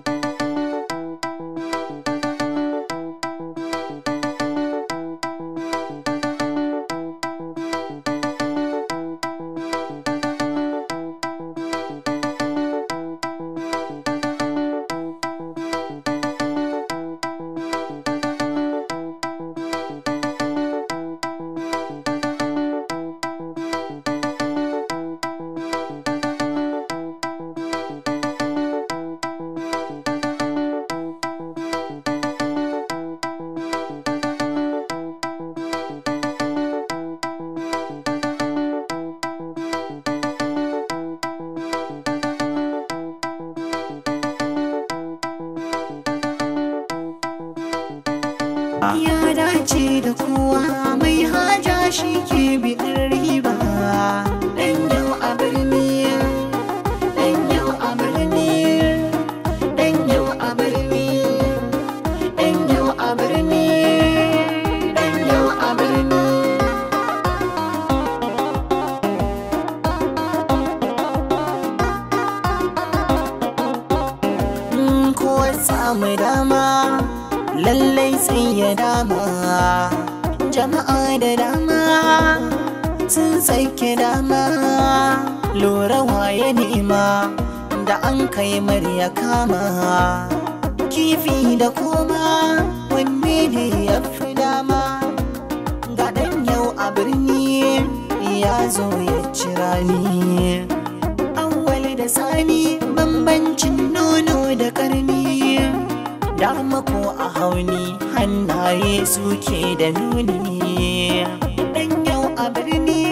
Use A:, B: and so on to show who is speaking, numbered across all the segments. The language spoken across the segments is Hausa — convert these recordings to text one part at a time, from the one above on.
A: Thank you.
B: lallai sai ya dama jama'a da dama sun sake dama lura waye ni'ima da an kai marya kama kifi da koma wanne ne ya fi dama ga yau a birni ya zo ya cira ni awwal da sani dama ko a hauni hannaye suke da nuni
A: dan yau a birni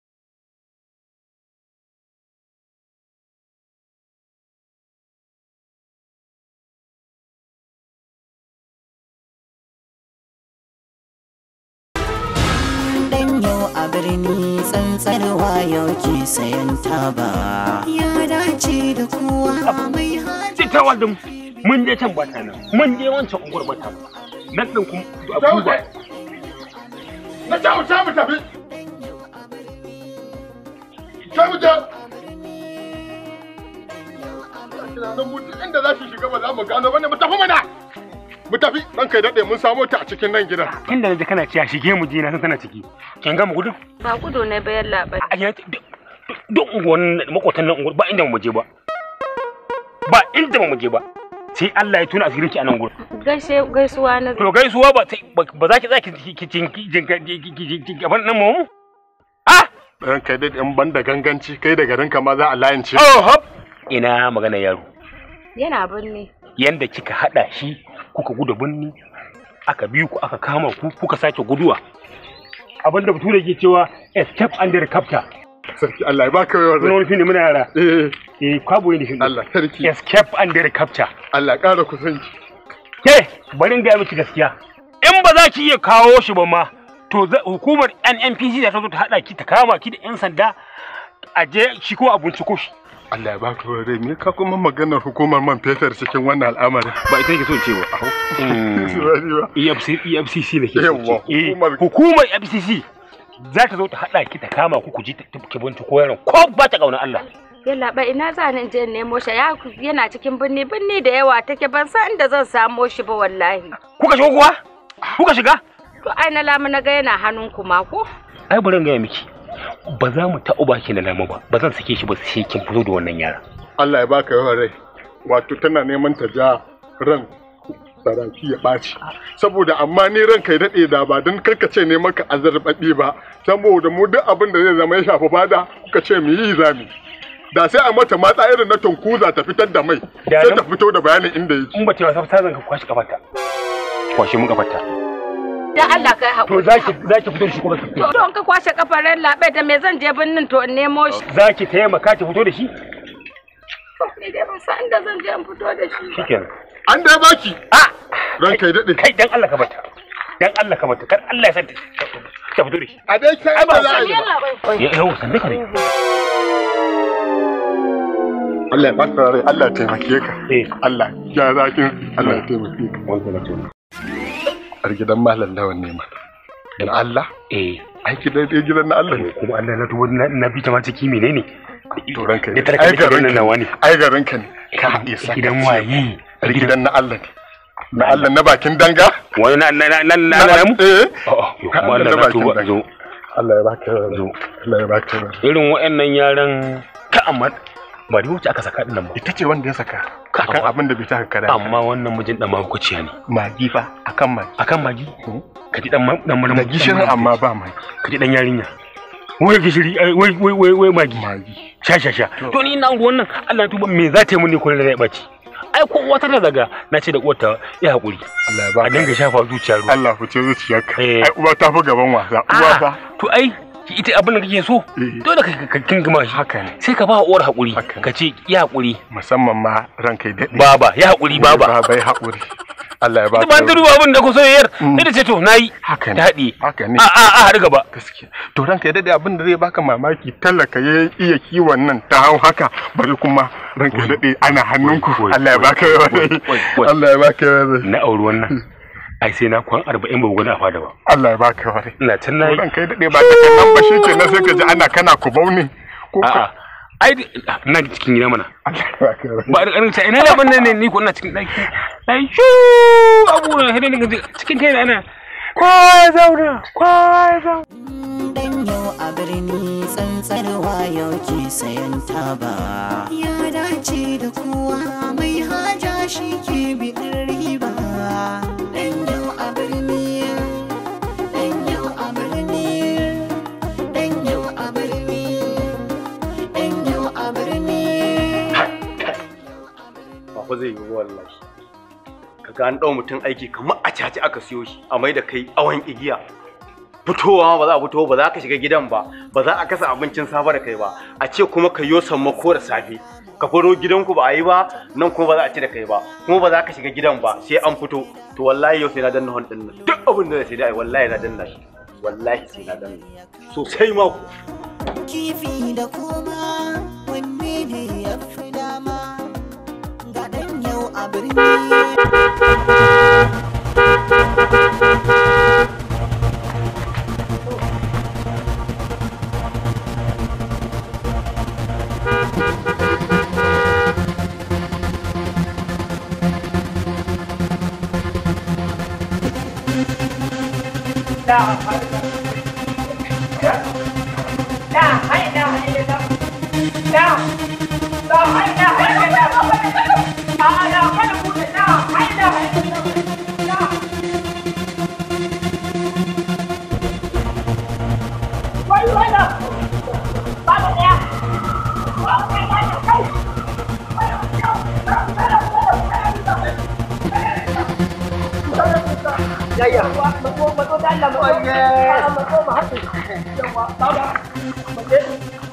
B: a birni tsantsar yau ke sayan taba ya dace da kowa mai
C: hajji ta wadin mun je can bata nan mun je wancan unguwar bata nan din kuma abubuwa na ta mu ta mu tafi ta mu ta tunanin mutum inda za shi shiga ba za mu gano ba ne mu tafi mana mu tafi dan kai dade mun samo ta a cikin nan gidan tunda naji kana ciya shige mu jina na san tana ciki kin ga mu gudu
D: ba gudu ne yalla ba. a
C: yanzu duk unguwan makotan nan unguwa ba inda mu je ba ba inda mu je ba sai Allah ya tuna asirinki a nan gurin
D: gaishe gaisuwa na to gaisuwa
C: ba ba za ki za ki ki abin nan mu ah dan kai dade in da ganganci kai da garin ka ma za a layance oh hop ina magana yaro
D: yana birni
C: yanda kika hada shi kuka gudu binni aka biyu ku aka kama ku kuka sake guduwa abinda da bature ke cewa escape under capture sarki Allah ya baka yawa wani fili muna yara eh eh kwabo ne shi Allah sarki escape under capture Allah ƙara kusanci ke bari ga miki gaskiya in ba za ki iya kawo shi ba ma to hukumar NNPC za ta zo ta hada ki ta kama ki da yan sanda a je shi ko a binciko shi Allah ya ba ka rai me ka kuma maganar hukumar man fetur cikin wannan al'amarin ba ita yake so ce ba hmm. EFCC e ne ke so e, hukumar EFCC za ta zo ta hada ki ta kama ku ku ji ta kibinci ko yaron ko ba ta kauna Allah
D: yalla ba ina za ni je nemo shi yana cikin binni binni da yawa take ban san inda zan samo shi ba wallahi
E: kuka shigo kuwa
C: ah. kuka
D: shiga to ai na lamu na ga yana hannun ku ma ko
C: ai bari in ga miki ba za mu taɓa baki da nama ba ba zan sake shi ba sai kin fito da wannan yara Allah ya baka yawan rai wato tana neman ta ja ran saraki ya ɓaci saboda amma ni ran kai daɗe da ba don ce ne maka azarbaɗi ba saboda mu duk abin da zai zama ya shafi bada ka ce mu yi zami da sai a mata matsa irin na tunkuza ta fitar da mai sai ta fito da bayanin inda yake in ba ta ba sai zan ka kwashi kafarta kwashi mun kafarta
D: da Allah kai hakuri
C: to zaki zaki fito da shi kuma ki to
D: don ka kwashe kafaran labe da me zan je binnin to in nemo shi
C: zaki taimaka ki fito da shi
D: ni dai ban san inda zan je in fito da shi
C: shikenan an dai baki a ran kai dade kai dan Allah ka bata dan Allah ka bata kar Allah ya san ta fito da shi a dai kai ba za a yi ba yau san ka ne Allah ya fata Allah ya taimake ka eh. Allah ya zakin Allah ya taimake ka har gidan malam lawan ne ma dan Allah eh ai gidan dai gidan na Allah ne eh, kuma Allah na tubo na bi ta ma ciki ne to ranka ne ai ga ranka nawa wani ai ga ranka ne ka isa gidan waye gidan na Allah ne na Allah na bakin danga wani na na na na na mu eh oh, oh, kuma Allah na tubo zo Allah ya baka zo Allah ya baka irin waɗannan yaran ka amma bari wuce aka saka nan ba ita ce wanda ya saka akan abin da bai ta kada amma wannan mijin dan maguciya ne magi fa akan magi akan magi hmm? ka ji dan dan murmur magi. gishirin amma ba magi ka ji dan yarinya wai gishiri wai wai wai wai magi magi sha sha sha to ni ina ruwan wannan Allah tuba me za ta yi mun ne da ya baci ai ko wata da daga na ce da uwarta ya haƙuri Allah ya ba a dinga shafa zuciya ruwa Allah fice zuciyarka eh. ai uwa ta fi gaban wasa uwa ah, ta to ai ita abin da kake so eh. dole ka ka kingima shi haka ne sai ka ba uwar hakuri ka ce ya hakuri musamman ma ranka ya dade baba ya hakuri eh, baba baba ya hakuri Allah ya ba ka ba duru abin da ku so yayar ni mm. da ce to nayi haka ne ta hadi haka ne a a a har gaba gaskiya to ranka ya dade abin da zai baka mamaki talaka ya iya kiwon nan ta hau haka bari kuma ranka ya dade ana hannunku Allah ya ba ka Allah ya ba ka na auri wannan hmm. ai sai na kwan arba'in ba gudu a fada ba Allah ya baka wani. ina can na yi kai daɗe ba da kai nan ba shi ke na sai ka ji ana kana ku bauni ko ka ai ina cikin gida mana ba da ƙarin ta ina da ban ne ni ko ina cikin ɗaki na yi shu abubuwan hidin daga cikin kai ana
A: kowa zauna kowa zauna
B: dan yau a birni tsantsarwa yau ke sayan taba
A: ya dace da kowa mai haja shi ke
F: ba zai yi wallahi ka ga an ɗau mutum aiki kamar a caci aka siyo shi a mai da kai awon igiya fitowa ba za a fito ba za ka shiga gidan ba ba za a kasa abincin safe da kai ba a ce kuma ka yo mako da safe ka faro gidanku ba a yi ba nan kuma ba za a ci da kai ba kuma ba za ka shiga gidan ba sai an fito to wallahi yau sai na danna hon din duk abin da sai dai wallahi na danna shi wallahi sai na danna sosai ma ku
B: kifi da kuma Yeah.
E: yayya mako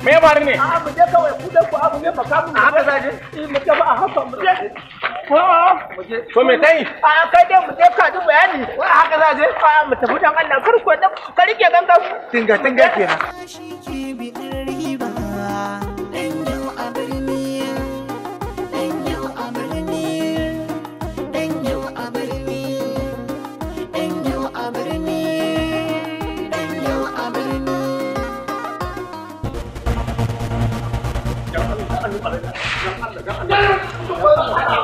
E: ne a mu haka zaje a haka muje ka ji bayani a haka zaje mu tafi dan Allah farko dan ka rike kenan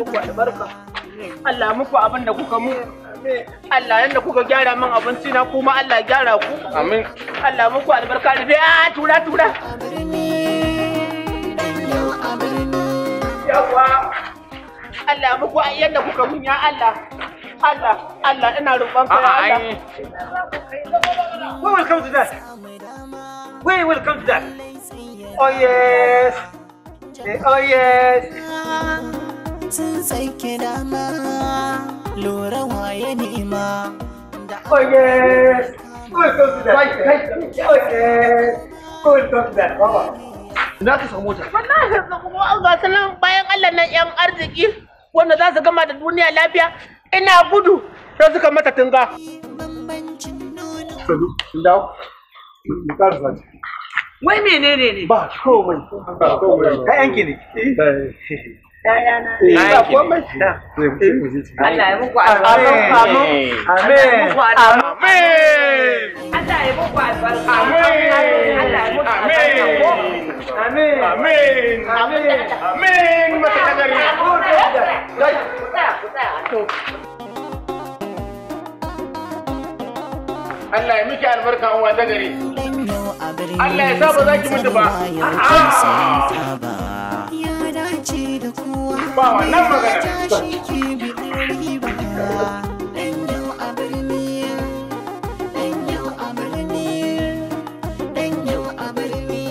A: muku albarka
E: Allah muku abin da kuka mu Allah yanda kuka gyara min abinci na kuma Allah gyara ku amin Allah muku albarka rufe a tura tura yawa Allah muku yanda kuka mun ya Allah Allah Allah ina roƙon ka ya Allah
F: welcome to that we welcome to that
E: oh yes
B: oh yes sun sake dama
A: lura waye nema Oye,
E: Na yan arziki wanda za su gama da duniya lafiya ina gudu sai suka mata tunga. Wai menene ne? Ba komai.
F: Ka yanke ne. Eh.
A: Eh, eh, eh, Allah ya muku albarka. Allah ya
G: muku albarka. Amin. Allah ya muku albarka. Amin.
E: Amin. Amin. Allah ya miki
H: albarka uwa ta gari. Allah ya sa ba ki mutu ba.
A: dace da kowa ba wannan magana tashi ke bidin riba dan yau a birni dan yau a birni dan yau a
E: birni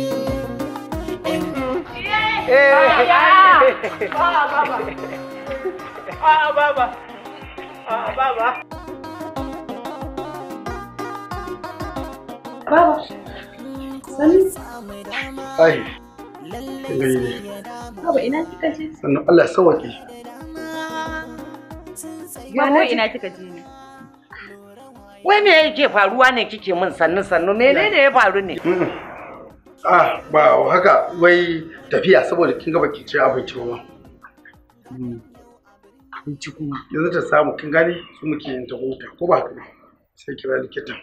E: dan baba baba baba
I: Baba,
J: Eh. Baba Sannan Allah
G: Wai me yake faruwa ne kike min sannu sannu menene ya faru ne? Mm.
J: Ah ba haka wai tafiya saboda kin gaba baki ce abinci ba.
C: Mm. Abinci
J: kuma. Yanzu ta samu kin gani su muke yin ta huta ko ba haka sai kira likitan.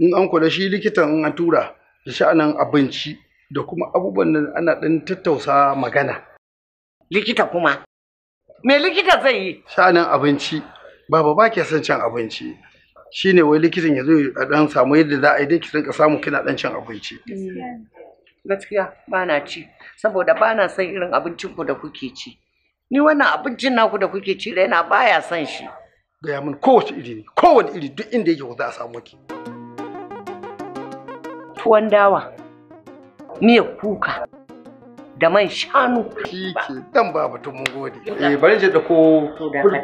J: In an kula shi likitan in an tura da sha'anin abinci da kuma abubuwan nan ana ɗan tattausa magana. Likita kuma?
G: Me likita zai yi?
J: sa'anin abinci. Baba ba ke son cin abinci. Shi ne wai likitan ya zo a ɗan samu yadda za a yi dai ki rinka samu kina ɗan cin abinci.
G: Mm. Gaskiya ba na ci, saboda ba na son irin abincin ku da kuke ci. Ni wannan abincin naku da kuke ci raina baya son shi.
J: Gaya min kowace iri ne, kowane iri duk inda yake ku za a samu ki.
G: Tuwon dawa. miyar kuka da man shanu. Shi ke dan ba batun mun gode. Eh
J: bari je da ko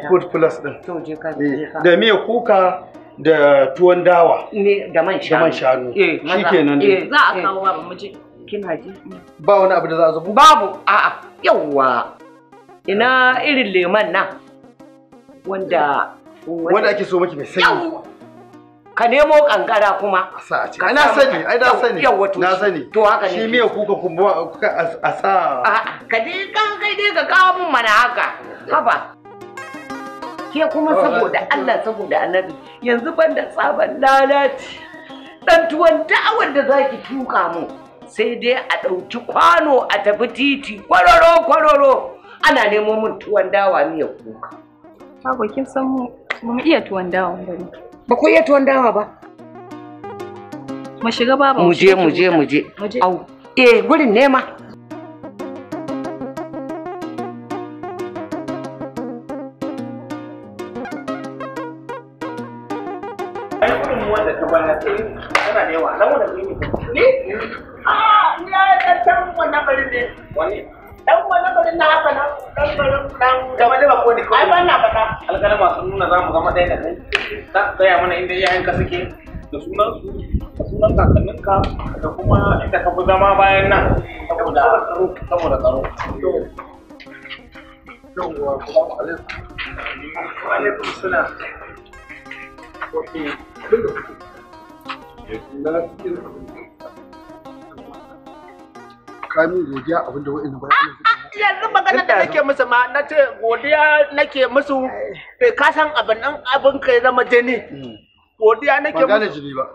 J: food plus din. To je ka eh, je ka. Da miyar kuka da tuwon dawa. Ne da man shanu. Da man shanu. Eh Shi kenan. Eh za
G: a eh. kawo ba mu je. Kina ji? Ba wani abu da za a zubu. Babu a'a yawwa. Ina irin leman nan wanda
J: wanda ake so
G: miki mai sanyi. ka nemo kankara kuma ka na sani ai na sani na sani
J: to haka ne shi me kuka kuma
G: a sa ka dai kan kai dai ka kawo mun mana haka haba ke kuma saboda Allah saboda annabi yanzu ban da tsaban lalaci dan tuwon da'awar da zaki tuka mu sai dai a ɗauki kwano a tafi titi "Kwaroro kwaroro", ana nemo mun tuwon dawa miya kuka.
K: Babu kin san mu mun mu iya tuwon dawa bane ba ku iya tuwon dawa ba mu shiga baba mu je mu je mu je au eh gurin nema
E: wanda ah, ka bana tana da yawa a wannan bari ne dan kuma lamarin na haka nan lamarin dan gaba da bako ne ai ban na
H: fata alƙalama sun nuna za mu zama ɗaya da kai za ka tsaya mana inda yayanka suke da sunan su da sunan kakanninka da kuma inda ka fi zama bayan nan saboda tsaro saboda tsaro yawwa
I: salamu alaikum
E: wato ka min godiya abin ah, da wa'annan bayan yanzu magana da nake musu ma na ce godiya nake musu bai eh. eh, kasan abin nan abin ka ya zama jini hmm. godiya nake musu ba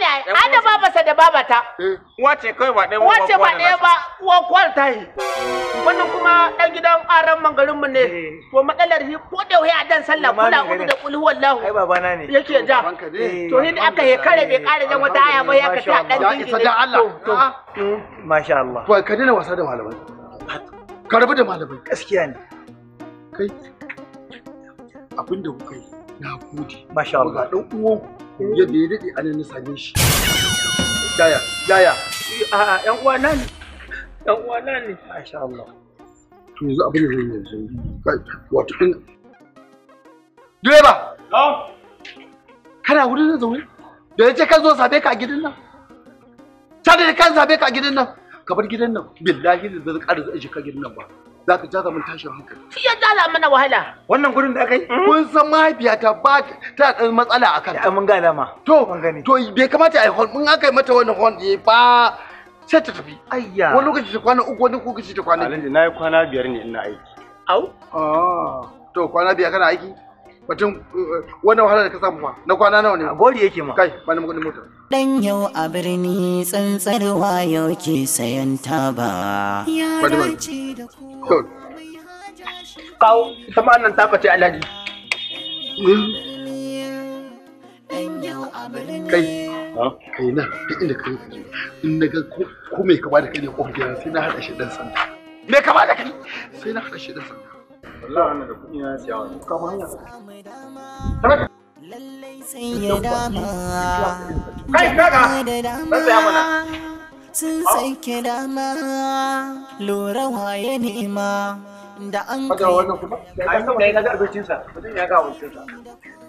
E: gane ai da babarsa da babata. Eh, wace kai ba ɗaya ba Wace ba ɗaya ba uwa kwal ta yi. Wannan kuma ɗan gidan aran mangarin mu ne. Eh. To matsalar shi ko da wuya dan sallah kula udu da kulhu wallahu. Ai babana ne. Yake ja. Eh, to ni da aka he kare bai kare jan wata aya ba ya ka ta dan jinjiri. Ya isa da hmm.
J: Masha Allah. To ka dina wasa da malamai. Ka rabu da malamai. Gaskiya ne. Kai abinda kuka yi na gode. Masha Allah. Ga uwan uwanku yadda ya daɗe anan na same shi yaya yaya a yan uwana ne yan uwana ne masha Allah to yanzu abin da zan yanzu wato in direba kana wurin na zaune da ya ce kan zo sabe ka a gidan nan ta da kan sabe ka a gidan nan ka bar gidan nan billahi da zan ƙara zai ka gidan nan ba za ka jaza min tashin hankali.
E: Shi ya jaza mana wahala.
J: Wannan gurin da aka yi? Kun san mahaifiyata ba ta da matsala a kanta. Mun gane ma. To, to bai kamata a yi hon, mun aka yi mata wannan hon ne eh, ba sai ta tafi. Ayya. Wani lokaci ta kwana uku, wani lokaci ta kwana biyu. Alhaji na yi kwana biyar ne ina aiki. Au? Ah, to kwana biyar kana aiki? batun uh, wannan wahalar da ka samu ma na kwana nawa ne gori yake ma kai ba na kudin mota
B: dan yau a birni tsantsarwa wayo ke sayan taba yara ce da ku
E: kawo ita nan taka ce alhaji
J: kai kai na duk inda kai in na ga ko mai kama da kai ne kofar gidan sai na haɗa shi dan sanda me kama da kai sai na haɗa shi dan sanda wallahi na
B: lallai sai ya dama da lura waye nema da an kai wannan kuma ya ga
H: abincinsa mutum ya ga abincinsa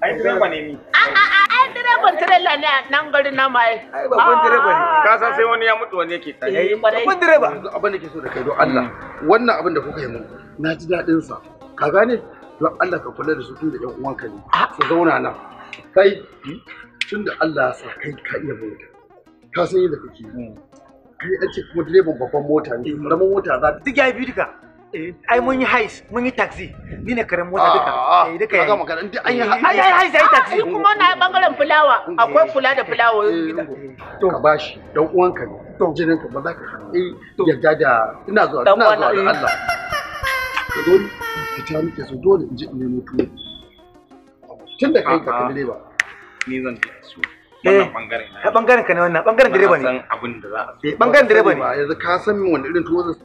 H: ai direba ne a
E: a a direban trailer ne nan garin na mai ai babban direba
H: ne ka san ah. sai wani ya mutu wani yake ta yayi babban direba abin da ke so da kai don Allah wannan abin da kuka yi mun na ji dadin sa ka
J: gane don Allah ka kula da su tun da yan uwanka ne ah, su zauna nan kai tun da Allah ya sa kai ka iya mota ka san yadda kake hmm. kai an ce kuma direban babban mota ne eh. karamin mota za ta duk ya biyu duka eh. ai mun yi hais mun yi taxi ni ne karen mota duka ah, ah, eh duka
F: ya gama karan an yi eh, ai ai hais ai taxi kuma
E: na bangaren fulawa akwai fula da
J: fulawa to ka bashi dan uwanka ne jinin ka ba za ka yadda da ina zuwa ina zuwa da Allah da dole fita muke so dole in je in nemo tuwo tun da kai ka direba ni zan tafi su eh. wannan bangaren na bangaren ka ne wannan bangaren direba ne san
C: abin da za a
J: so eh, bangaren direba ne yanzu
H: ka san min wani irin tuwo zan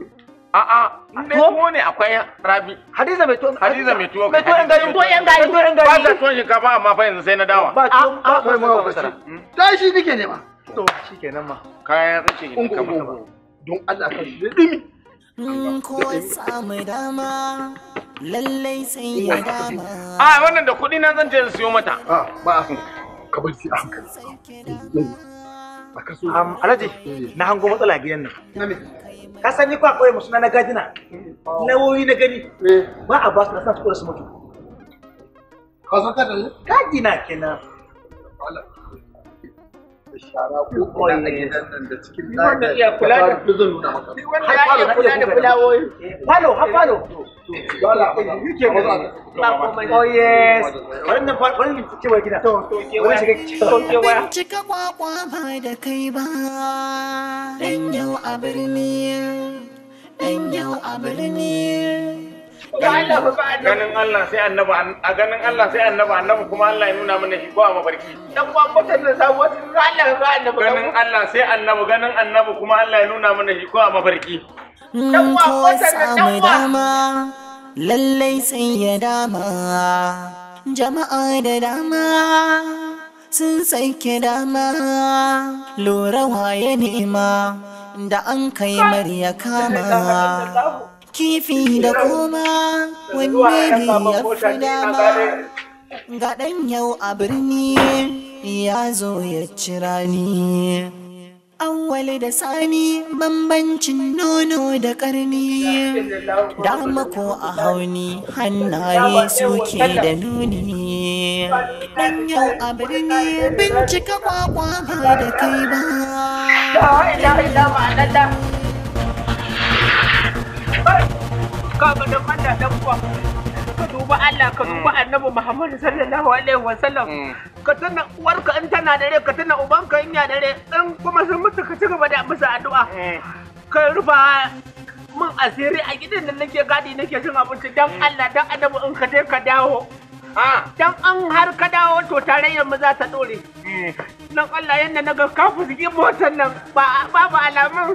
H: tuwo ne akwai rabi. Hadiza mai tuwo. Hadiza mai tuwo. Mai tuwo yan Tuwo yan Tuwo yan Ba ta tuwon shinkafa amma fa yanzu sai na dawa. Ba tuwo ah, ba ma ba ta.
J: Ta shi nake nema. To,
H: shikenan ma. kamar. Don Allah ka shi dumi.
B: Kowa dama lallai sai
H: A wannan da kuɗi na zan je in siyo mata. Ba a ka bar a hankali. Alhaji, na hango matsala nan.
F: Ka san ni kwa kawai musu na gajina, Na wowi na gani. Ba a ba su na san su kura su mutu. Ka san ka kenan.
J: da
A: cika kwakwa ba da kai ba dan yau a
B: birni
A: dan yau a birni
B: ganin
H: Allah sai annaba a ganin Allah sai annaba annabi kuma Allah ya nuna mana shi ko a mafarki dan ba mutan da samu wata Allah ga annabi ganin Allah sai annabi ganin annabi kuma Allah ya nuna mana shi ko a mafarki
B: dan ba mutan da dama lallai sai ya dama jama'a da dama sun sauke dama lura waye nema da an kai mariya kama kifi da kuma wanne ne ya fi dama ga ɗan yau a birni ya zo ya cira ni awwali da sani bambancin nono da ƙarni dama ko a hauni hannaye suke da nuni ɗan yau a birni bincika kwakwa ba da kai ba
E: kaga dan Allah dan kuwa ka duba Allah ka duba mm. Annabi Muhammad sallallahu alaihi wa sallam. Mm. ka tuna uwarka in tana dare ka tuna ubanka in ya dare in kuma sun mutu ka ci gaba da musu addu'a mm. ka rufa min asiri a gidan da nake gadi nake cin abinci dan Allah dan Annabi in ka je ka dawo dan an har ka dawo to tarayyar mu za ta dore nan Allah yanda na ga ka fusgi motar nan ba ba alamun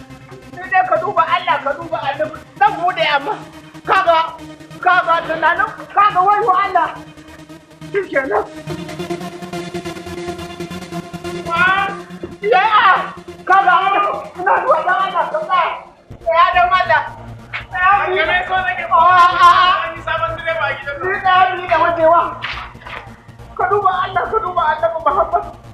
E: sai dai ka duba Allah ka duba annabi zan bude amma kaga kaga tunanin kaga Allah shi kenan ya kaga ina zuwa da Allah ka sa ya da mata ya ne so ni da ka duba Allah ka duba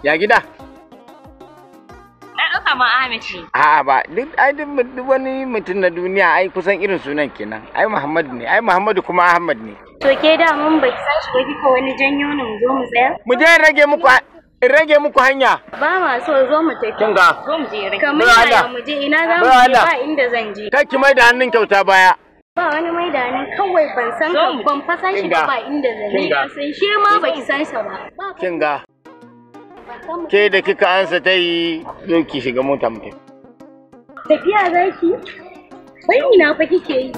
H: Ya gida?
B: Na ɗauka ma Ahmed
H: A'a ba, duk ai duk wani mutum na duniya ai kusan irin sunan kenan. Ai Muhammad ne, ai Muhammadu kuma Ahmad ne.
K: To ke da mun bai san shi ba kika wani janyo ne mu zo mu tsaya?
H: Mu je rage muku in rage muku hanya. Ba ma so zo mu tafi. Kin ga?
K: Zo mu
D: je rage. Kamar ya mu je ina za mu je ba inda zan je. Kai ki
H: mai da hannun kyauta baya.
D: ba wani mai da hannun kawai ban san ban fasan shi ba inda zane ban san shi ma ba ki san
G: sa ba ke
H: da kika ansa ta yi zo ki shiga mota mutum.
B: Tafiya za ki? Wai ina fa kike yi?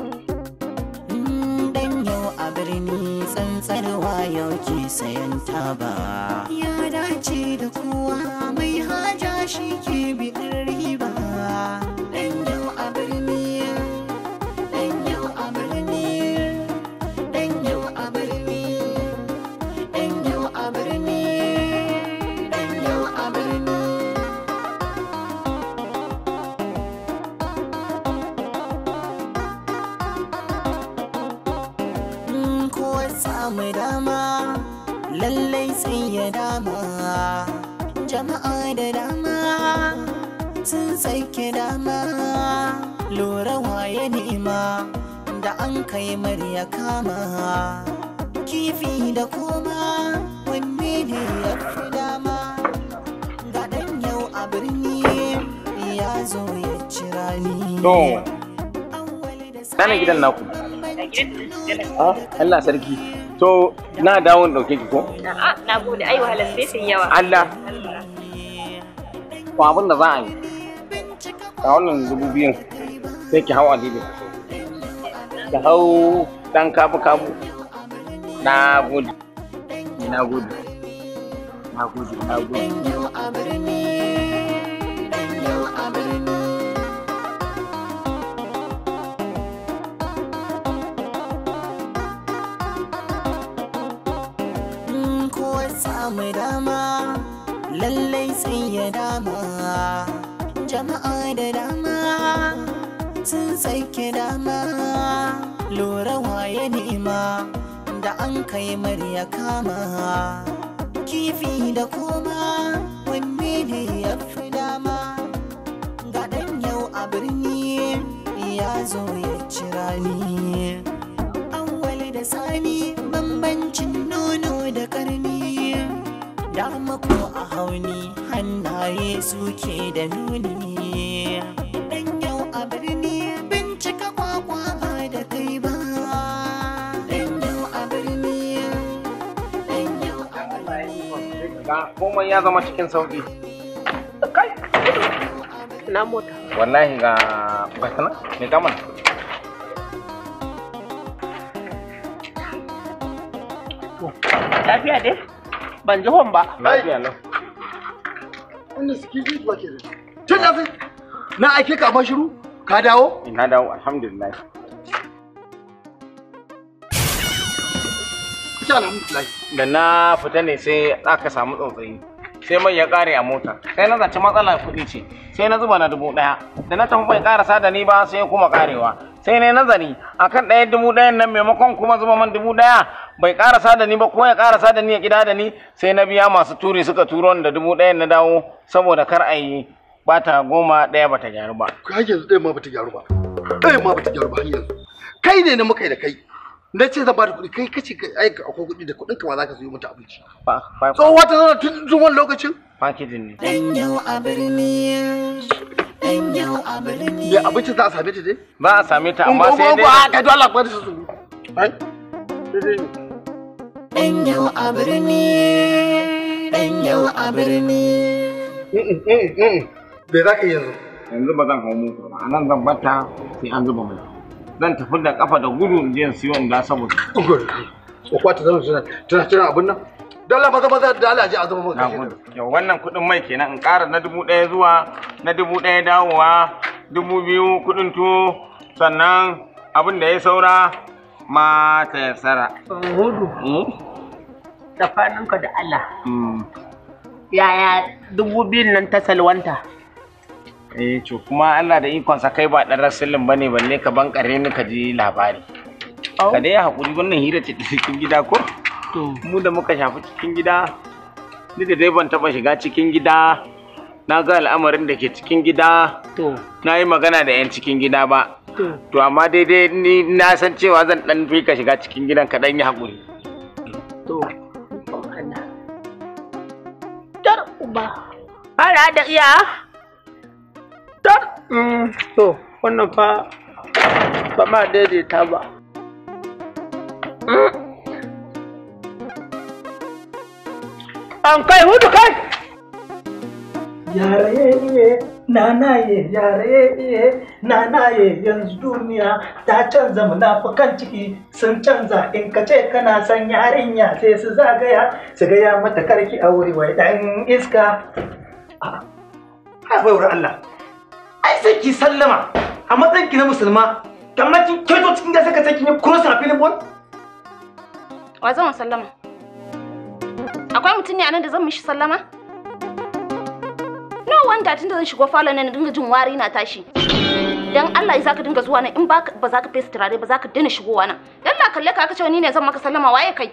B: Dan yau a birni tsantsarwa yau ke sayan taba.
A: Ya dace da kowa mai haja shi ke biɗin riba. Dan yau
B: kai ya kama kifi da koma
A: wanne ne ya fi dama ga dan yau a birni
B: ya zo ya cira ni nana gidan naku?
H: Allah sarki. To, na dawon dauke ki ko?
B: A'a,
K: na gode. Ai wahalar sai sun yawa.
H: Allah. Ko abin da za a yi. Ga wannan dubu biyan sai ki hawa dibin. da hau dan kafu kafu na gudu eh, na gudu
G: na gudu na gudu
B: mm, samu dama lallai sai ya dama jama'a da sun tsaike dama lura waye ni'ima da an kai marya kama kifi da koma wanne ne ya fi dama ga dan yau a birni ya zo ya cira ni awwal da sani bambancin nono da karni dama ko a hauni hannaye suke da nuni
H: komai ya zama cikin sauki kai na mota wallahi ga batana me kama
E: lafiya dai ban ji hon ba lafiya nan
J: wannan suke ji ba ke da
E: tun
H: na aike ka ba shiru ka dawo ina dawo alhamdulillah lafiya alhamdulillah da na fita ne sai aka samu tsautsayi sai mai ya kare a mota sai na zaci matsalar kuɗi ce sai na zuba na dubu ɗaya da na tafi bai karasa da ni ba sai ya kuma karewa sai na nazari akan ɗaya dubu ɗayan nan maimakon kuma zuba man dubu ɗaya bai karasa da ni ba ko ya karasa da ni ya gida da ni sai na biya masu turi suka turo da dubu ɗayan na dawo saboda kar a yi bata goma ɗaya bata gyaru ba. Ka yanzu ɗaya ma bata gyaru ba. Ɗaya ma bata gyaru ba har yanzu. Kai ne
J: na muka yi da kai. na ce zaba da kuɗi kai kace ai akwai kuɗi da kuɗin ka ma zaka sayo mata abinci tsohuwa ta zauna tun tun wani lokacin fakijin ne dan
A: yau a birni dan yau a birni
H: me abinci za a same ta dai ba a same ta amma sai dai ba ka dole
A: ba su su ai dan yau a birni dan yau a birni mm, mm, mm, me za ka
H: yanzu yanzu ba zan hau mutu ba nan zan bata sai an zuba mai zan tafi da kafa da gudu in je in siyo in da saboda ko ta zama tana tana tana abin nan dala maza maza da Allah ji a zama kashe yau wannan kudin mai kenan in kara na dubu daya zuwa na dubu daya dawowa dubu biyu kudin to sannan abin da ya saura ma ta gudu hudu hmm?
E: tsakaninka da Allah hmm. yaya dubu biyun nan ta salwanta
H: eh to kuma Allah da ikonsa kai ba dan rasulun bane balle ka bankare ni ka ji labari ka dai hakuri wannan hira ce cikin gida ko to mu da muka shafi cikin gida ni da dai ban taba shiga cikin gida na ga al'amarin da ke cikin gida to na yi magana da yan cikin gida ba to amma daidai ni na san cewa zan dan fika ka shiga cikin gidan ka dan yi hakuri to
E: dar uba Ara da iya
B: tar mm, to
E: wannan fa ba ma daidaita ba
B: mm.
F: an kai hudu kai yare nanaye yare nanaye yanzu duniya ta canza munafukan ciki sun canza in ka ce kana son yarinya sai su zagaya su gaya mata karki a wuri wai dan iska Allah ai sai ki sallama a matsayin ki na musulma kamar kin keto cikin gasa ka sai
K: kin yi cross a filin bon wa zan sallama akwai mutum ne anan da zan mishi sallama no wanda tunda zan shigo falon nan dinga jin wari na tashi dan Allah ya zaka dinga zuwa nan in ba ba ka fesa turare ba ka daina shigowa nan dan la kalle ka aka ce ni ne zan maka sallama waye kai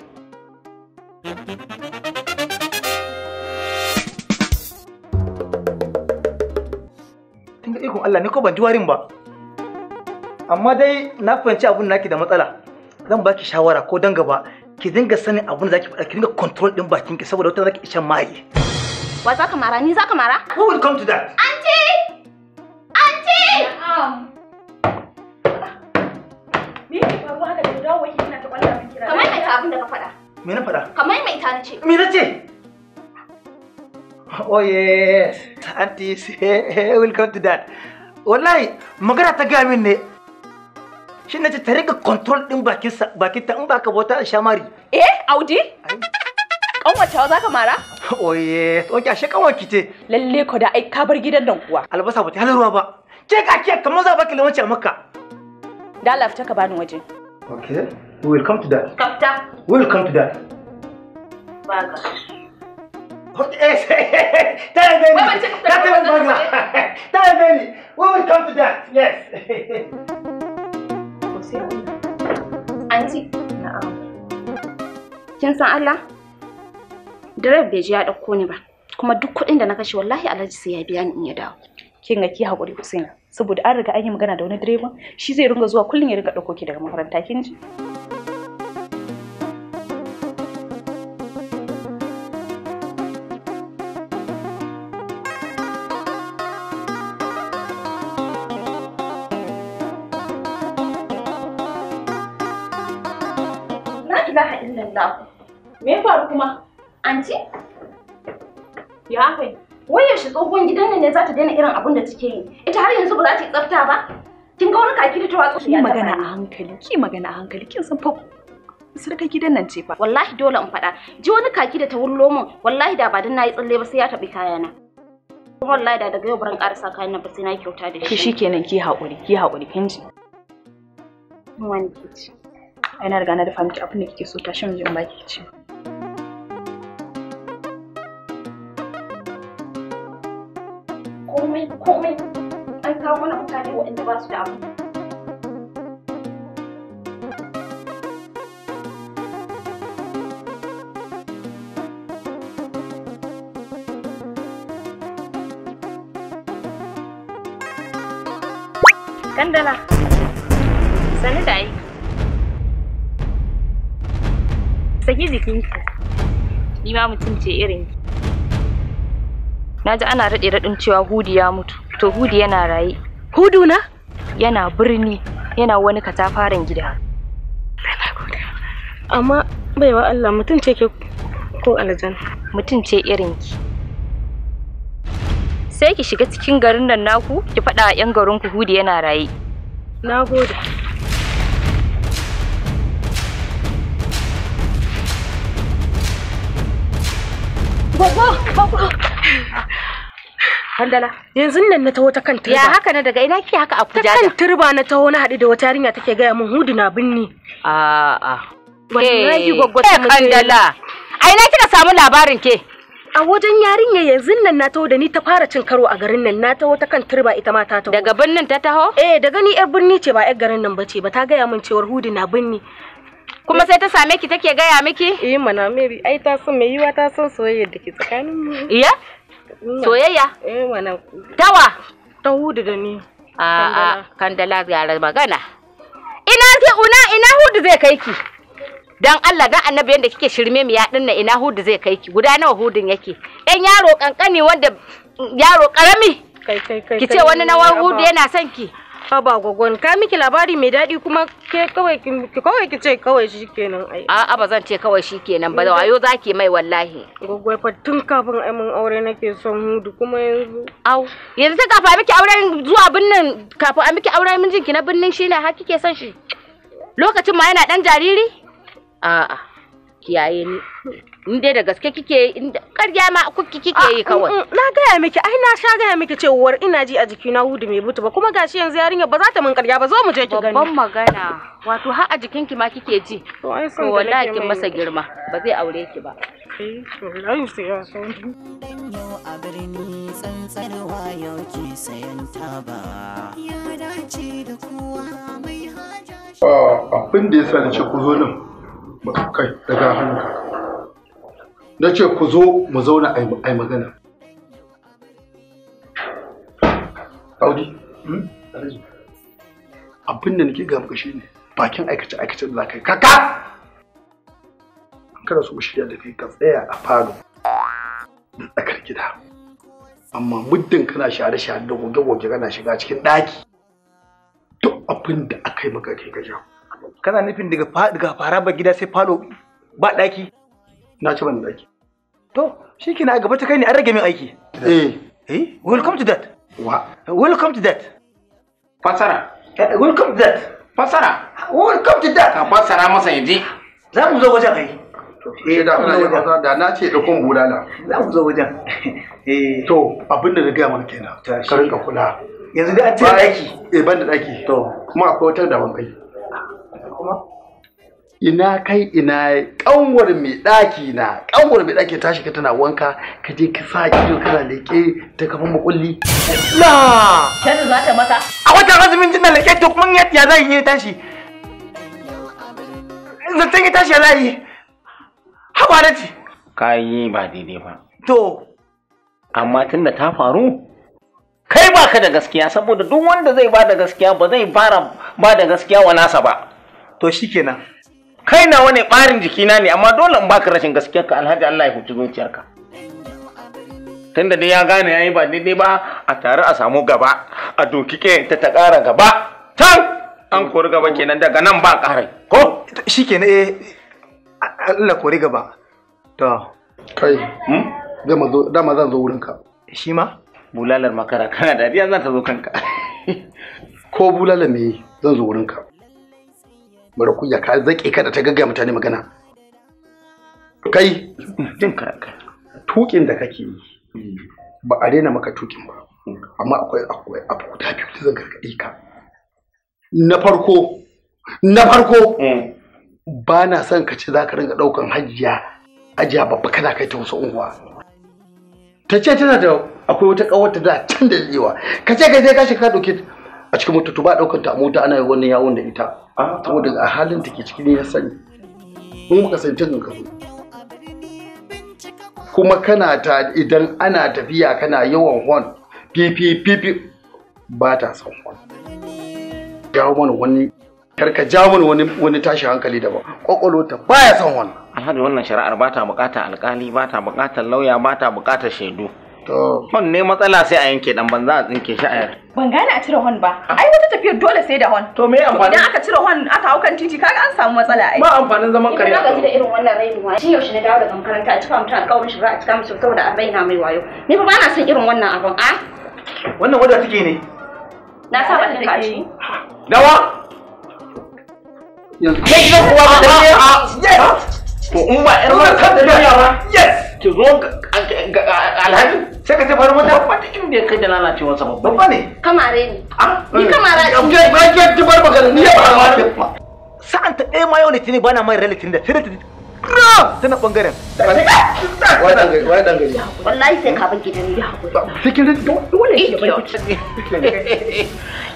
F: ikon Allah ni ko ban ji warin ba amma dai na fahimci abun naki da matsala zan baki shawara ko dan gaba ki dinga sanin abun da zaki faɗa ki dinga control din bakin ki saboda wata zaki ishan maye
K: wa zaka mara ni zaka mara who will come to that aunty aunty. na'am me ke faruwa haka da dawo ta kwalla min kira kamar mai ta abun da ka faɗa me na faɗa kamar mai ta nace me nace
F: Oh yes, aunties, we'll come to that. Wallahi, magana ta gaya min ne. shi na ce ta rika control bakin ta in baka bauta a shamari.
K: Eh, Audi?
F: Ƙanwacewa za ka mara? Oh yes, a ashe ƙanwaki ce. Lalle ko da ai ka bar gidan nan kuwa. Albasa ba ta halarwa ba. Ke ka ke kamar za baki lamanci a Makka.
K: Da Allah fita ka bani waje.
F: Okay, we come to that. kapta We come to that.
K: Baka.
E: What is Tell me. That is Manga.
F: Tell
K: We will come to that. Yes. Auntie, Kin san Allah? Direb bai ji ya ɗauko ni ba. Kuma duk kuɗin da na kashe wallahi Alhaji sai ya biya ni in ya dawo. Kin ga ki haƙuri Husaina. Saboda an riga an yi magana da wani direban, shi zai ringa zuwa kullum ya ringa ɗauko ki daga makaranta kin ji. Me ya faru kuma? Anti? Ya haka yi. Wai yaushe tsohon gidan nan ne za ta daina irin abin da take yi. Ita har yanzu ba za ta yi tsafta ba? Kin ga wani kaki da ta watsa shi magana a hankali, ki magana a hankali, kin san fa sarka gidan nan ce fa. Wallahi dole in faɗa. Ji wani kaki da ta wurlo min, wallahi da ba dan nayi tsalle ba sai ya taɓi kayana. Wallahi da daga yau baran ƙarasa kayan nan ba sai na kyauta da shi. Ki shikenan ki haƙuri, ki haƙuri kin ji. Wani kici. yana riga na dafa miki abin da kike so tashi mu je in baki ci komai komai an kawo mana mutane waɗanda ba su da abu Kandala, sani da aiki. saki jikinki ni ma
D: mutum ce irin ki
K: na ji ana raɗe raɗin cewa hudu ya mutu to hudu yana raye hudu na yana birni yana wani katafaren gida amma wa Allah mutum ce ke ko aljan mutum ce irin ki sai ki shiga cikin garin nan naku ki faɗa a 'yan garin ku hudu yana raye na gode
D: Bandala, yanzu nan na taho ta kan turba. Ya haka na daga ina ke haka Abuja. Ta kan turba na taho na haɗu da wata yarinya take gaya min hudu na binni.
G: A'a. Wallahi gwaggwata mutum. Kandala. A ina
D: kika samu labarin ke? A wajen yarinya yanzu nan na taho da ni ta fara cin karo a garin nan na taho ta kan turba ita ma ta taho. Daga birnin ta taho? Eh daga ni yar birni ce ba yar garin nan ba ce ba ta gaya min cewar hudu na binni. kuma sai ta same ki take gaya miki eh mana maybe ai ta san mai yiwa ta san soyayya da ke tsakanin mu iya soyayya eh mana tawa ta hudu da ni a ah, ah, kandala gara magana ina ki una ina hudu zai kai ki dan Allah dan annabi yanda kike shirme mu ya dinna ina hudu zai kai ki guda nawa hudun yake ɗan yaro kankani wanda yaro karami ki ce wani na hudu yana son ki Haba gwagwan ka miki labari mai daɗi kuma ke kawai ki kawai ki ce kawai shi kenan ai. A'a ba zan ce kawai shi kenan ba wayo zaki mai wallahi. Gwagwai fa tun kafin ai mun aure nake son hudu kuma yanzu. Au yanzu ta kafa miki auren zuwa binnin kafin a miki auren mijinki na binnin shine har kike son shi. Lokacin ma yana dan jariri? A'a kiyaye ni. in dai da gaske kike yi karya ma kuki kike yi ah, kawai mm, mm, na gaya miki ai na sha gaya miki cewar ina ji a jiki na hudu mai butu ba kuma gashi yanzu yarinya ba za ta min karya ba zo mu je ki gani babban magana wato har a jikin ki ma kike ji to ai sun wallahi kin masa girma ba zai aure ki ba
B: eh, yau a birni sayan taba ah,
J: abin da ya sa ni ce ku zo nan kai daga hannu. na ce ku zo mu zauna a yi magana audi hmm? abin da nake gamka shi ne bakin aikace aikace da kai kaka an kada su shirya da kai ka tsaya a falo da tsakar gida amma muddin kana share share da goge goge kana shiga cikin daki duk abin da aka yi maka kai ka jawo kana
F: nufin daga fara ba gida sai falo ba daki na ci ban daki to shi kina gaba ta kai ne an rage min aiki eh eh welcome to that wa welcome to that fasara eh, welcome to that fasara welcome to
J: that ka fasara masa yaje za mu zo wajen kai eh da yin fasara da na ce da kun bulala za mu zo wajen eh to abin da gaya mana kenan ka rinka kula yanzu da an tare daki eh ban da daki to kuma akwai wata da ban kai kuma ina kai ina kanwar mai daki na kanwar mai daki tashi ka tana wanka ka je ka sa ido kana leke ta kafa makulli la
F: kenan za ta mata a wata azumin jinna leke to kuma ya ya zai yi tashi ta yi tashi ya zai yi haba na ce
H: ka yi ba daidai ba to amma tunda ta faru kai ba ka da gaskiya saboda duk wanda zai ba da gaskiya ba zai fara ba da gaskiya wa nasa ba to shikenan kai nawa ne ɓarin jikina ne amma dole in baka rashin gaskiyar ka alhaji Allah ya huci zuciyarka tunda dai ya gane yayi ba daidai ba a tare a samu gaba a doki ta ta ƙara gaba tan an kori gaba kenan daga nan ba ƙarai ko shikenan eh Allah kori gaba
J: to kai hmm? dama dama zan zo ka shi ma bulalar makara
H: kana dariya zan ta
J: zo kanka ko bulalar me zan zo wurin ka. mara kunya ka zaƙe kada ta gaggaya mutane magana kai ka tukin da kake yi ba a daina maka tukin ba amma akwai akwai abu guda biyu da zan gargaɗe ka na farko na farko mm. ba na son ka ce za ka ringa ɗaukan hajiya ajiya babba kana kai ta wasu unguwa ta ce tana da akwai wata ƙawarta da can da yiwa ka ce ka je ka shiga ka ɗauke a cikin mota ba ɗaukar ta mota ana yi wannan yawon da ita a daga halin take ciki ne ya sani mu muka san tun ka kuma kana ta idan ana tafiya kana yawan hon pipi pipi ba ta son hon jawo mana wani karka ja mana wani wani tashi hankali daban kwakwalwa ta baya son hon
H: alhaji wannan shari'ar ba ta bukata alkali ba ta bukatar lauya ba ta bukatar shaidu Hon ne matsala sai a yanke dan banza a tsinke shi a
K: Ban gane a cire hon ba. Ai wata tafiyar dole sai da hon. To me amfani? Idan aka cire hon aka hau kan titi kaga an samu matsala ai. Ba amfanin zaman kare. Ina gaji da irin wannan rainuwa. Shi yaushe na dawo daga makaranta a cika mutum alƙawarin shi ba a cika mutum saboda an bayyana mai wayo. Ni ba na son irin wannan abun a.
F: Wannan wadda take ne.
K: Na saba ta kashi.
E: Dawa. Yanzu. Kai gidan kuwa ba da ne. Ah, ah, ah, to in ba ƴan da duniya ba. Yes. ki zo alhaji sai ka ce bari wata inda ya kai da lalacewar sa babba ne
K: kamare ne ni kamara ne ba ke ki bar magana ni ya ba ma kuma sa'an
F: ta ɗaya ma yau litinin bana mai relatin da sai tana bangaren
K: wallahi sai ka bin gidan ya hakuri cikin dole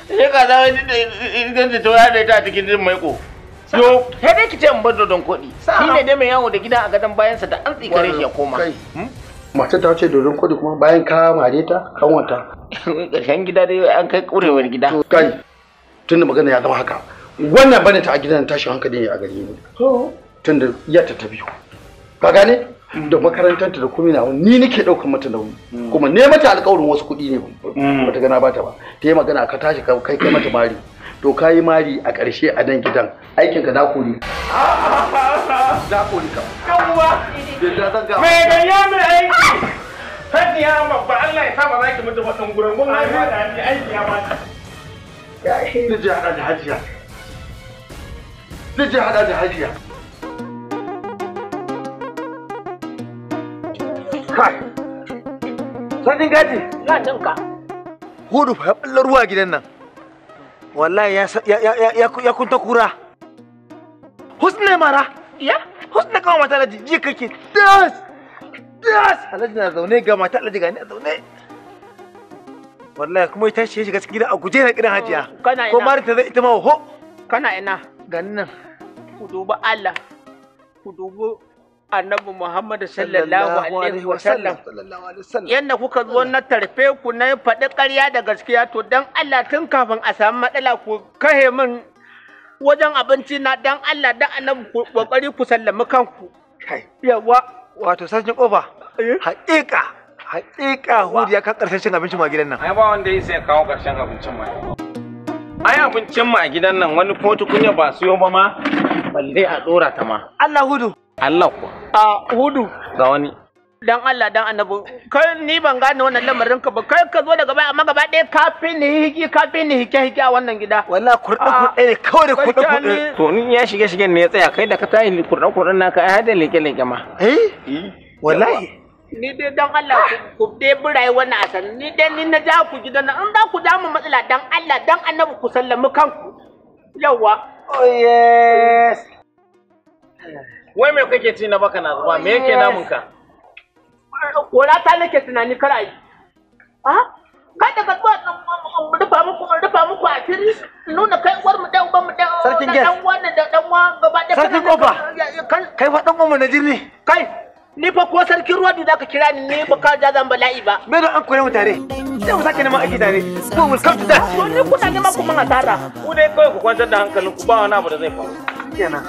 H: ne ka zama ita ta cikin mai maiko. yo sai dai ce in bar dodon koɗi shine dai mai yawo da gida a gadon bayan sa da an tsikare shi ya koma
J: hmm? matar ta ce dodon koɗi kuma bayan ka mare ta kanwata ƙarshen gida dai an kai ƙurewar gida kai tunda magana ya zama haka wannan bane ta a gidan tashin hankali ne a gare ni tunda iya ta ta biyu ka gane hmm. da makarantar ta da kuma na ni nake daukar mata nauyi hmm. kuma ne mata alƙawarin wasu kuɗi ne bata gana bata ba ta yi magana ka tashi kai kai mata mari to ka yi mari a ƙarshe a nan gidan aikinka
C: kori
E: ka yawwa mai ganya
H: mai aiki hadiya Allah ya sa ba za ki mutu gurin mun da aiki
C: ya ba ya shi hada da hajiya
J: ji hada da hajiya
E: kai sanin
J: hudu ya
F: ɓallar ruwa gidan nan wallahi ya kunta kura husne mara ya husne kawai mata alhaji ji kake das das alhaji na zaune ga mata alhaji gani a zaune wallahi kuma ita shi ya shiga cikin gida a guje na gidan hajiya oh, kana ina ko mari ta zai ita ma ho
E: kana ina ganin nan ku dubi Allah ku dubi annabi Muhammadu sallallahu alaihi wa sallam yanda kuka zo na tarfe ku na faɗi ƙarya da gaskiya to dan Allah tun kafin a samu matsala ku kahe min wajen abinci na dan Allah dan annabi ku kokari ku sallami kanku yawa wato sashin kofa
F: eh? haƙiƙa haƙiƙa ya kan ƙarshen cin abincin ma gidan nan ai
H: ba wanda ya kawo ƙarshen abincin ma ai abincin mu a gidan nan wani ko tukunya ba su ba ma
E: balle a dora ta ma Allah hudu Allah ku a hudu ga wani dan Allah dan annabi kai ni ban gane wannan lamarin ka ba kai ka zo daga baya amma gaba ɗaya ka fi ni hiki ka fi ni hike hike a wannan gida wallahi kurɗa kurɗa ne kawai da kurɗa kurɗa
H: to ni ya shige shigen ne ya tsaya kai da ka tayi kurɗa kurɗa naka ai hada da leke leke ma eh, eh. wallahi
E: ni dai dan Allah ku dai burai wannan asan ni dai ni na ja ku gidan nan in za ku damu matsala dan Allah dan annabi ku sallami kanku yawa
H: oh yes wai me kake ci na baka na zuba oh, me yake namun ka
E: kora ta nake tunani kar ai ah kada ka zuwa rufa muku rufa muku asiri nuna kai uwar mu dan uban mu dan sarkin gas dan wannan da dan uwan gaba da sarkin kofa kai fa dan uwan mu na jirni kai Ni fa ko sarkin ruwa da zaka kira ni ni ba ka ja zan bala'i ba. Me don an kore mu tare. Sai mu sake neman aiki tare. Ko mu kafta da. To ni kuna neman kuma asara.
H: Ku dai kawai ku kwantar da hankalin ku ba wani abu da zai faru. Kenan.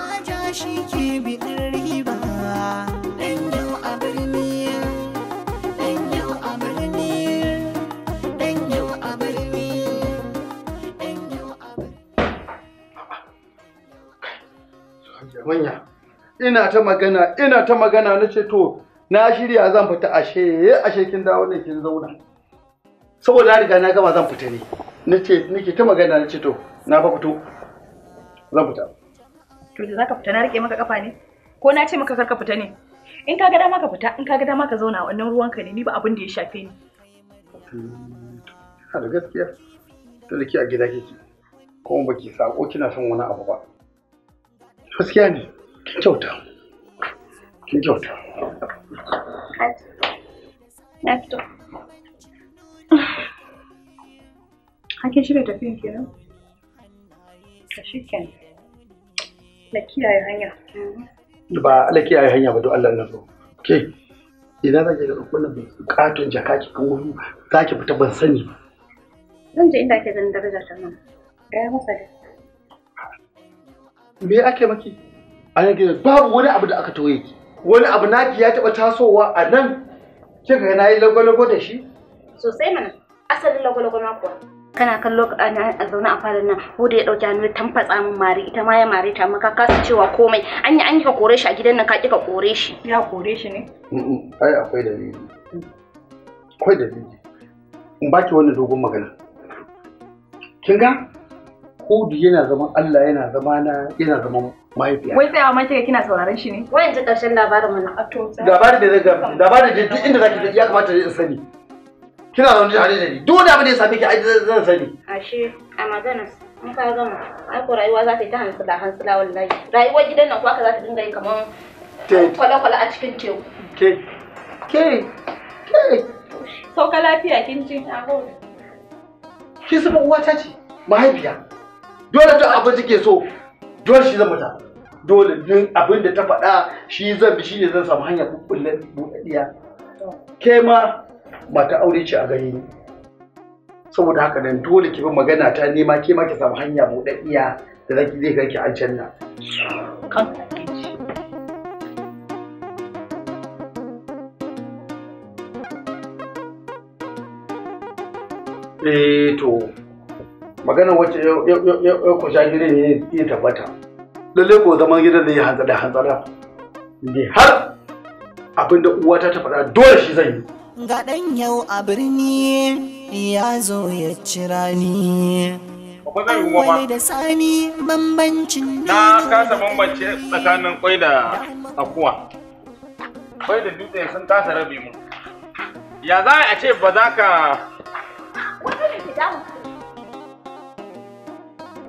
J: ina ta magana ina ta magana na ce to na shirya zan fita ashe ashe kin dawo ne kin zauna saboda na riga na gama zan fita ne na ce nake ta magana ce to na fa fito zan fita
K: to da zaka fita na rike maka kafa ne ko na ce maka karka fita ne in ka ga dama ka fita in ka ga dama ka zauna wannan ruwanka ne ni ba abin da ya shafe ni
J: a da gaskiya ta da ke a gida kike kuma baki sako kina son wani abu ba gaskiya ne kyauta kin kyauta
K: na fito hakin shirya tafiyan kenan ka shi kenan na kiyaye hanya
J: ba ala kiyaye hanya ba don Allah na so ke idan za ki ga wannan bukatun jaka ki kan wuri za ki fita ban sani ba
K: zan je inda ake ganin daraja ta nan ga masa me ake maki
J: an gidan, babu wani abu da aka toye ki wani abu naki ya taɓa tasowa a nan
K: kika ga nayi lagwalagwa da shi sosai mana asalin lagwalagwa na kuwa kana kan lokacin a zaune a falon nan ko da ya dauki hannu tamfatsa min mari ita ma ya mare ta maka kasa cewa komai an yi an yi ka kore shi a gidan nan ka ka kore shi ya kore shi ne
J: ai akwai dalili akwai dalili in baki wani dogon magana kin ga hudu yana zaman Allah yana zama na yana zaman mahaifiya. Wai
K: tsayawa kina sauraron shi ne? Wai mana a Labarin da
J: zai labarin da duk inda zaki ya kamata sani. Kina zaune da da Duk wani abin da ya same ki ai zan sani.
K: Ashe a magana in ka gama ai ko rayuwa za ta yi ta wallahi. Rayuwar gidan nan za ta dinga a cikin teku. Ke ke ke. lafiya kin
J: Kin uwata ce mahaifiya. Dole ta abin take so dole shi zan mata dole din abin da ta faɗa shi zan bi shi ne zan samu hanyar kulle buɗaɗɗiya ke ma mata aure ce a gare ni saboda haka nan dole ki bi magana ta nema ke ma ki samu hanya buɗaɗɗiya da zaki zai kai ki aljanna Eh to magana wacce ya kusa gida ne ya tabbata lalle ko zaman gida ya hantsada hantsada ne har abinda uwata ta faɗa dole shi zan
B: yi ga ɗan yau a birni ya zo ya cira ni kwai da sani bambancin na kasa bambance
H: tsakanin kwai da akuwa kwai da dutse sun kasa rabi mu ya za a ce ba za ka
K: wani da ke damu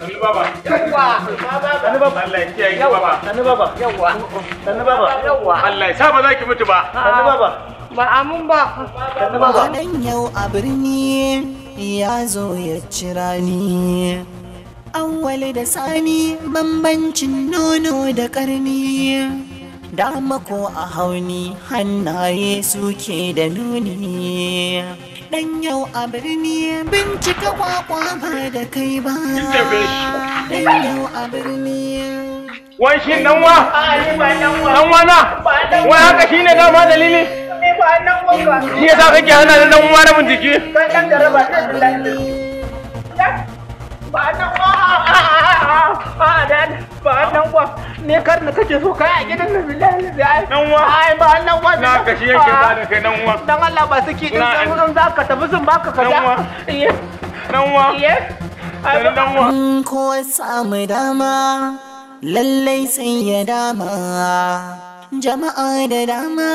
A: Sannu baba.
H: za ki mutu ba.
B: Ba yau a birni ya zo ya cira ni. Awwali da sani bambancin nono da ƙarni. Dama ko a hauni hannaye suke da nuni. Dan yau a birni
A: bincika kwakwa ba da kai ba. Dan yau a birni. Wai shi wa? Ni wa. na? Wai haka shine dama dalili?
E: Ni ba dan wa ba. Shi yasa kake hana da dan wa na bincike? a dad ba nan wa me kar na kake so kai a gidan nan billahi nan wa ai ba nan wa na ka shi yake ba da kai nan wa dan Allah ba saki din san
B: za ka tafi baka kaza nan wa nan
E: wa
B: nan ko samu dama lallai sai ya dama jama'a da dama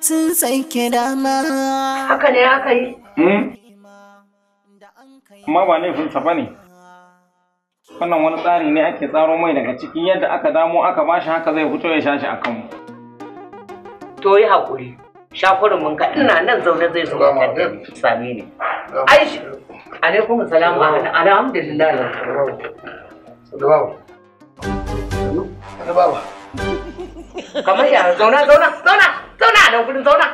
B: sun sake dama haka ne yi
H: hmm? amma ba wannan wani tsari ne ake tsaro mai daga cikin yadda aka damo aka ba shi haka zai fito ya sha shi a kanmu
G: to yi haƙuri shafurin mun ka ina nan zaune zai zo ka same ne. ai alaikum salam wa alhamdulillah kamar ya zauna zauna zauna zauna nan zauna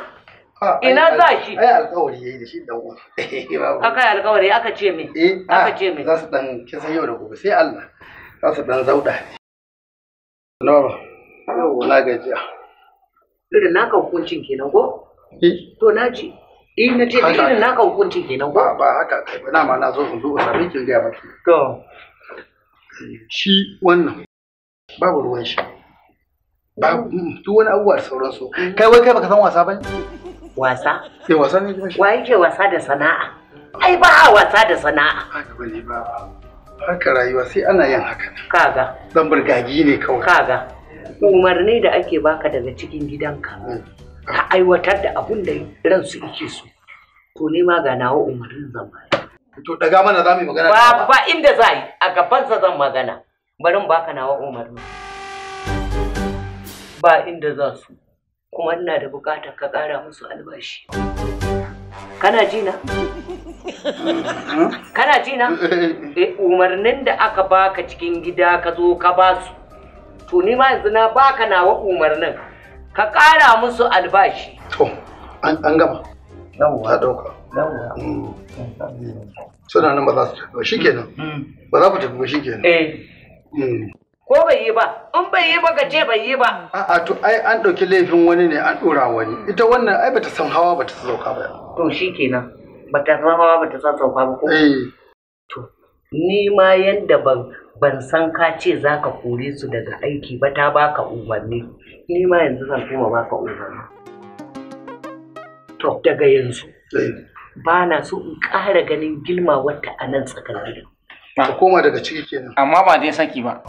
G: ina za
J: shi ai alƙawari yayi da shi dan uwa aka yi alƙawari aka ce me eh, ah, aka ce me za su dan kin yau da gobe sai Allah za
G: su dan zauda nawa yau na gaji irin naka hukuncin kenan ko eh. to na ce in eh, na ce irin naka hukuncin kenan ko ba haka kai ba ma na zo in zo sabi kin ga ba to shi
J: wannan babu ruwan shi babu mm, duk wani abubuwa da sauransu
G: kai wai kai baka san wasa bane wasa ke wasa ne kuma wa ke wasa da sana'a ai ba a wasa da sana'a
J: haka rayuwa sai ana yin haka kaga dan burgagi ne kawai kaga
G: umarni da ake baka daga cikin gidanka mm. ka aiwatar da abun da ransu yake so to ne ma ga nawa umarnin zan ba. to daga mana za mu yi magana ba ba inda za yi a gabansa zan magana bari mu baka nawa umarni. ba inda za su kuma ina da bukatar ka ƙara musu albashi kana ji na kana ji na eh, umarnin da aka baka cikin gida ka zo ka ba su to ni ma yanzu na baka nawa umarnin ka ƙara musu albashi
J: to an gama yawwa dauka yawwa hmm. suna nan ba za su tafi ba shikenan hmm. ba za ku tafi ba shikenan eh hmm.
G: ko bai yi ba in bai yi ba ka bai yi ba
J: a'a to ai an ɗauki laifin wani
G: ne an ɗora wani ita wannan ai bata san hawa bata sauka ba to shikenan bata san hawa bata san sauka ba ko eh. to ni ma yanda ban ban san ka ce za ka kore su daga aiki ba ta baka umarni ni ma yanzu zan kuma baka umarni to daga yanzu eh. ba na so in ƙara ganin girma wata a nan
H: Ka koma daga ciki kenan. Amma ba dai saki
J: ba.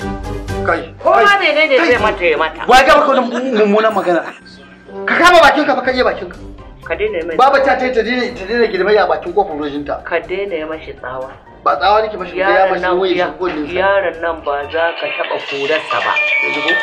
J: Kai.
G: Kowa ne ne da zai mata ya mata. Wai ga baka
J: mummunan magana. Ka kama bakinka ka ka kaje bakinka.
G: Ka daina mai. Baba
J: ta ta daina ta daina girmai ya bakin kofar
G: ta. Ka daina mashi tsawa. Ba tsawa nake mashi ya mashi wuyi shugodin sa. Yaron nan ba za ka taba sa ba.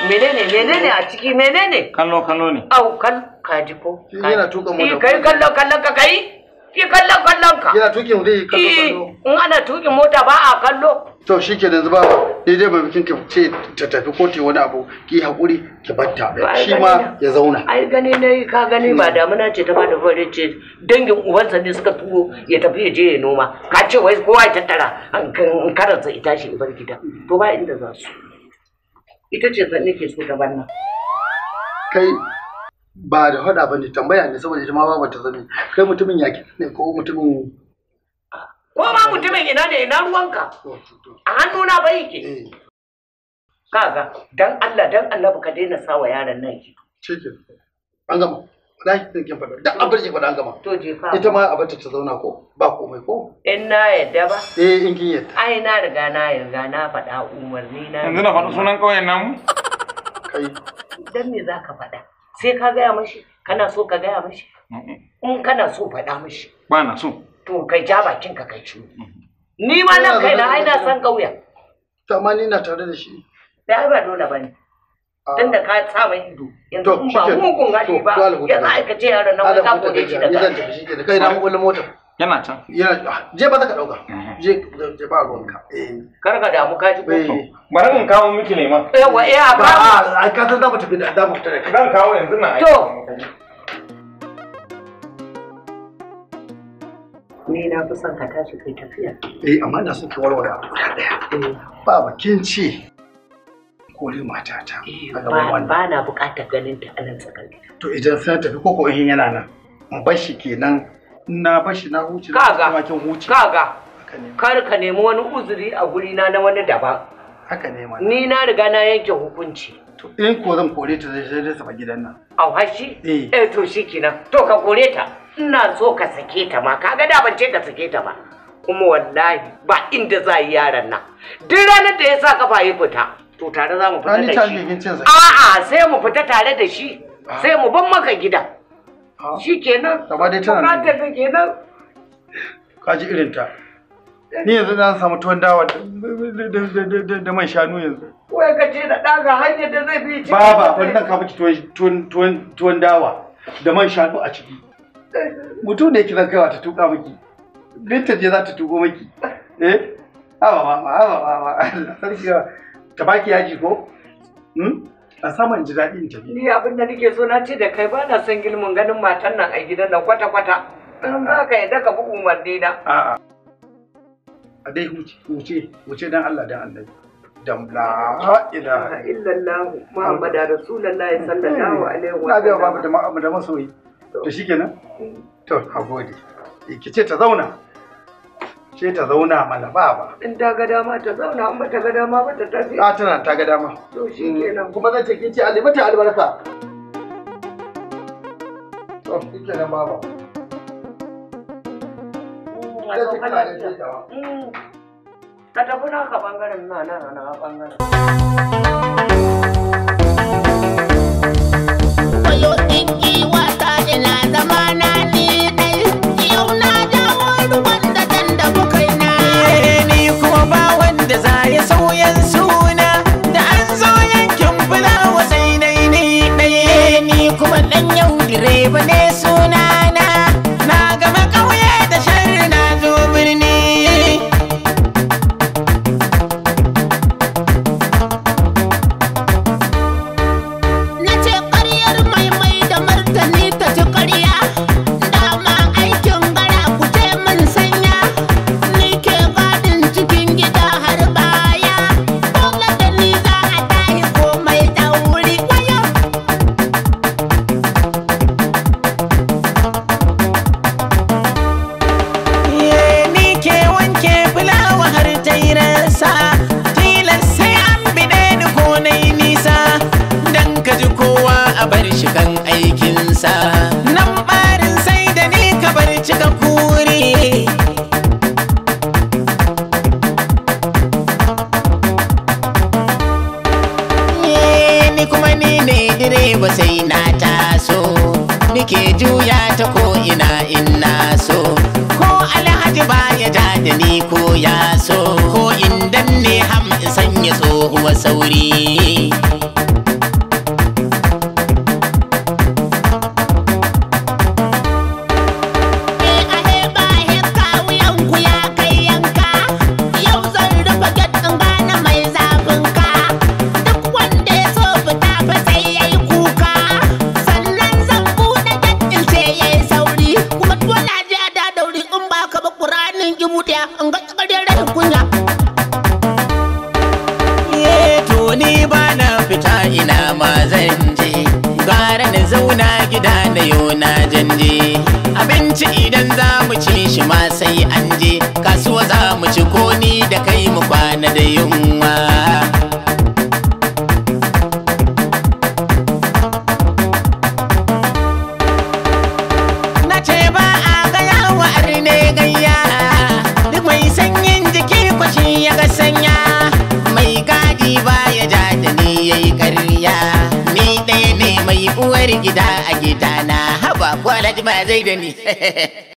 G: Menene menene a ciki menene? Kallo kallo ne. Au kan kaji ko. Yana tuka mota. Kai kallo kallon ka kai.
D: ki kallon kallon ka yana
G: tukin eh, dai kallo kallo in ana tukin mota ba a kallo
J: to ke yanzu ba daidai ba bikin ki ce ta tafi ko ta wani abu ki hakuri ki batta shi ma ya zauna
G: ai gani ne ka gani ba hmm. damuna ce ta ba da fare ce dangin uwansa ne suka tuwo ya tafi ya je ya noma ka ce wai kowa ya tattara an karanta ita shi bar gida to ba inda za su ita ce zan nake so gaban nan kai
J: ba da hada ba ne tambaya ne saboda jama'a ba ta zame kai mutumin yaki ne ko mutumin
I: ko ba mutumin ina da ina ruwanka
G: a hannuna ba yake eh. kaga dan Allah dan Allah ka daina sawa yaran nan ki cike an gama lahi sai fada dan abin faɗa an gama to je fa ita ma
J: a bata ta zauna ko ba komai
G: ko in na yadda ba eh in kin yadda ai na riga na riga na faɗa umarni na yanzu na fada sunan kauyen namu kai dan me zaka faɗa sai ka gaya mashi kana so ka gaya mashi in kana so faɗa mashi ba na so to kai ja bakin ka kai ci ni ma nan kai na aina san kauya
J: to amma ni na tare da
G: shi da ba dole bane ah. tunda ka sa mai ido yanzu in ba mugun gadi ba ya za ka ce yaron nan ka da
J: shi da kai na mu mota yana can ah, je ba za ka dauka mm. je je ba ruwanka eh. kar ka damu ka ji ko eh. bari in kawo miki lema yawa eh a ba ai ka san za mu tafi da za mu da kai zan kawo yanzu na to
G: ni na fi son ka tashi kai tafiya eh amma na son ki warware abu guda daya
J: eh. ba bakin ci kore matata ba
G: na bukatar ganin ta anan tsakar to
J: idan sai tafi koko in yana nan in bar kenan na bar na huce kaga
G: kaga kar ka nemi wani uzuri a guri na na wani daban haka ne ma ni na riga na yanke hukunci
J: to in ko zan kore ta zai zai saba gidan nan
G: au hashi eh. eh to shikenan to ka kore ta ina so ka sake ta ma kaga da ban ce ka sake ta ba kuma wallahi ba inda za yi yaran nan duk ranar da ya sa kafa ya fita to tare za mu fita da shi a'a sai mu fita tare da shi ah. sai mu ban maka gida ah. shikenan gaba dai tana kenan
J: irin ta Ni yanzu na samu tuwon dawa da man shanu yanzu.
G: Wai ka ce da ɗaga hanyar da zai fi ci. Baba, wani
J: nan ka miki tuwon dawa da man shanu a ciki. Mutum ne kiran kaiwa ta tuka miki. Binta je za ta tuƙo miki. Eh? Awa mama, awa mama. Sarki yawa. Ta baki yaji ko? Hmm? a saman ji daɗi in tafi.
G: Ni abin da nake so na ce da kai ba na son gilmin ganin matan nan a gidan nan kwata-kwata. Ba ka yadda ka bi umarni na.
J: A'a. a dai huce huce dan Allah dan annabi dan la ilaha illallah muhammadu rasulullahi sallallahu alaihi wa sallam babu da ma'amu da masoyi to shikenan mm. to hagode eh, ki ce ta zauna ce ta zauna mana ba
G: in ta ga dama ta zauna amma ta ga dama ba ta tafi a ah,
J: tana ta ga dama to shikenan mm. kuma zan ce kin ce alimata albarka to shikenan baba
G: don Allah ki ka tafi na ka bangaren na na na bangaren ta
A: outside.
D: 一点你。